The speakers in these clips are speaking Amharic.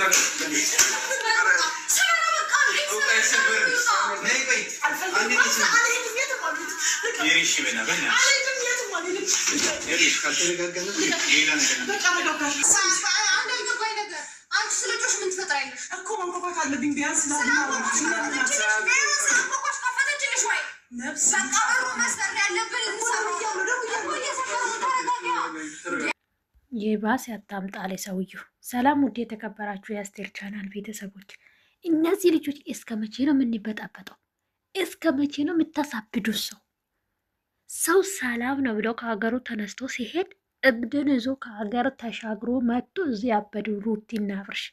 ነብስ በቃ በሩ መስበር ያለብን እንሰራው እያሉ ደግሞ እያሉ እየሰራ ተረጋጋ የባስ ያታምጣል ሰውየው። ሰላም ውድ የተከበራችሁ የአስቴር ቻናል ቤተሰቦች፣ እነዚህ ልጆች እስከ መቼ ነው የምንበጣበጠው? እስከ መቼ ነው የምታሳብዱ ሰው ሰው ሰላም ነው ብለው ከሀገሩ ተነስቶ ሲሄድ እብድን ይዞ ከሀገር ተሻግሮ መጥቶ እዚ ያበዱ ሩቲ እና አብርሽ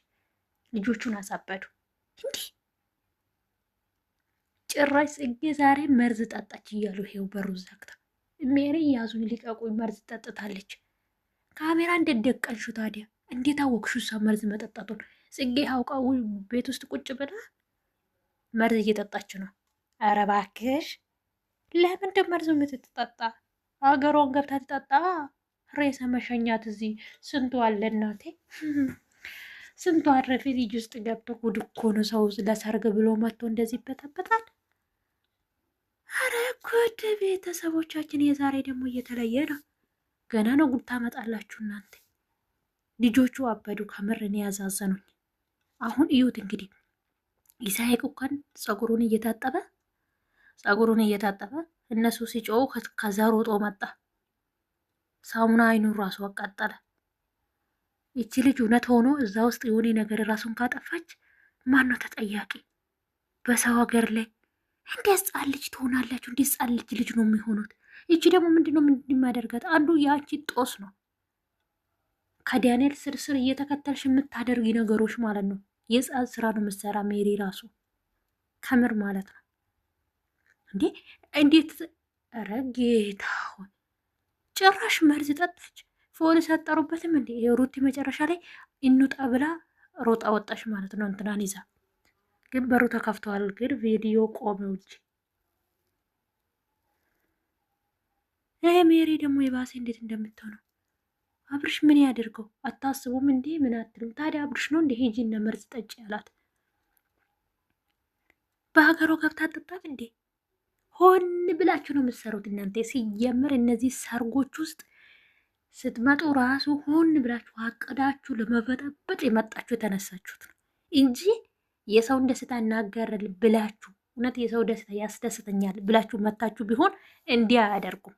ልጆቹን አሳበዱ። እንዲህ ጭራሽ ጽጌ ዛሬ መርዝ ጠጣች እያሉ ሄው በሩ ዘግታ ሜሪ ያዙኝ፣ ሊቀቁኝ፣ መርዝ ጠጥታለች ካሜራ እንዴት ደቀንሹ ታዲያ? እንዴት አወቅሹ? እሷ መርዝ መጠጣቱን ጽጌ አውቃ ቤት ውስጥ ቁጭ ብላ መርዝ እየጠጣች ነው። ኧረ እባክሽ ለምንድን መርዝ የምትጠጣ? አገሯን ገብታ ትጠጣ። ሬሰ መሸኛት እዚህ ስንቱ አለ እናቴ፣ ስንቱ አረፊ ልጅ ውስጥ ገብቶ ጉድ እኮ ነው። ሰው ለሰርግ ብሎ መጥቶ እንደዚህ ይበጠበጣል። አረ ጉድ! ቤተሰቦቻችን የዛሬ ደግሞ እየተለየ ነው። ገና ነው ጉድ ታመጣላችሁ እናንተ። ልጆቹ አበዱ። ከምር እኔ ያዛዘኑኝ። አሁን እዩት እንግዲህ ይሳይቅ እንኳን ጸጉሩን እየታጠበ ጸጉሩን እየታጠበ እነሱ ሲጮው ከዛ ሮጦ መጣ። ሳሙና አይኑን ራሱ አቃጠለ። ይቺ ልጅ እውነት ሆኖ እዛ ውስጥ የሆነ ነገር ራሱን ካጠፋች ማን ነው ተጠያቂ? በሰው ሀገር ላይ እንዲህ ጻ ልጅ ትሆናላችሁ። እንዲህ ጻ ልጅ ልጅ ነው የሚሆኑት። ይቺ ደግሞ ነው ምንድነው የምንድማደርጋት አንዱ ያቺ ጦስ ነው ከዳንኤል ስር ስር እየተከተልሽ የምታደርጊ ነገሮች ማለት ነው። የጻድ ስራ ነው የምትሰራ ሜሪ ራሱ ከምር ማለት ነው። እንዴ እንዴት ኧረ ጌታ ሆይ ጭራሽ መርዝ ጠጣች። ፎን አጠሩበትም እንዲ የሩቲ መጨረሻ ላይ እንውጣ ብላ ሮጣ ወጣሽ ማለት ነው። እንትናን ይዛ ግን በሩ ተከፍተዋል። ግን ቪዲዮ ቆመ ውጭ ይሄ ሜሪ ደግሞ የባሰ እንዴት እንደምትሆነው አብርሽ ምን ያደርገው አታስቡም እንዴ? ምን አትልም ታዲያ? አብርሽ ነው እንደ ሂጂና መርዝ ጠጭ ያላት በሀገሯ ገብታ አጠጣም እንዴ? ሆን ብላችሁ ነው የምትሰሩት እናንተ። ሲጀምር እነዚህ ሰርጎች ውስጥ ስትመጡ ራሱ ሆን ብላችሁ አቅዳችሁ ለመበጠበጥ የመጣችሁ የተነሳችሁት ነው እንጂ የሰውን ደስታ እናገራል ብላችሁ እውነት የሰው ደስታ ያስደስተኛል ብላችሁ መታችሁ ቢሆን እንዲህ አያደርጉም።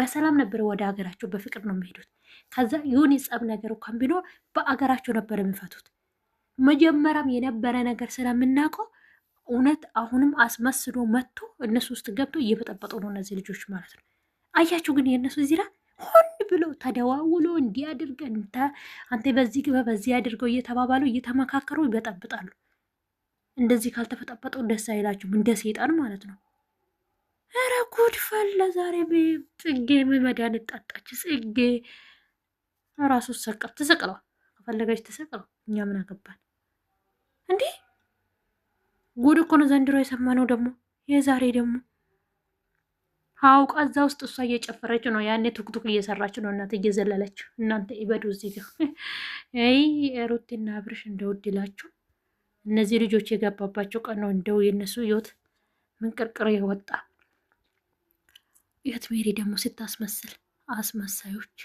በሰላም ነበረ ወደ ሀገራቸው በፍቅር ነው የሚሄዱት። ከዛ ይሁን የጸብ ነገር እንኳን ቢኖር በአገራቸው ነበር የሚፈቱት። መጀመሪያም የነበረ ነገር ስለምናውቀው እውነት አሁንም አስመስሎ መጥቶ እነሱ ውስጥ ገብቶ እየበጠበጡ ነው እነዚህ ልጆች ማለት ነው። አያችሁ ግን የእነሱ ዚራ ሆን ብሎ ተደዋውሎ እንዲህ አድርገ አንተ በዚህ ግበ በዚህ አድርገው እየተባባሉ እየተመካከሩ ይበጠብጣሉ። እንደዚህ ካልተፈጠበጠው ደስ አይላችሁም? እንደ ሰይጣን ማለት ነው። ኧረ ጉድ ፈላ ዛሬ። ጽጌ መድኃኒት ጣጣች። ጽጌ ራሱ ሰቀል ተሰቅለው ከፈለገች ተሰቅለው፣ እኛ ምን አገባን እንዴ? ጉድ እኮ ነው ዘንድሮ የሰማነው። ደግሞ የዛሬ ደግሞ አውቃ እዛ ውስጥ እሷ እየጨፈረች ነው። ያኔ ቱክቱክ እየሰራች ነው እናት እየዘለለች። እናንተ ይበዱ እዚህ ጋር ይ ሩቲና አብርሽ እንደውድላችሁ እነዚህ ልጆች የገባባቸው ቀን ነው እንደው የነሱ ህይወት ምንቅርቅር የወጣ የት ሜሪ ደግሞ ስታስመስል አስመሳዮች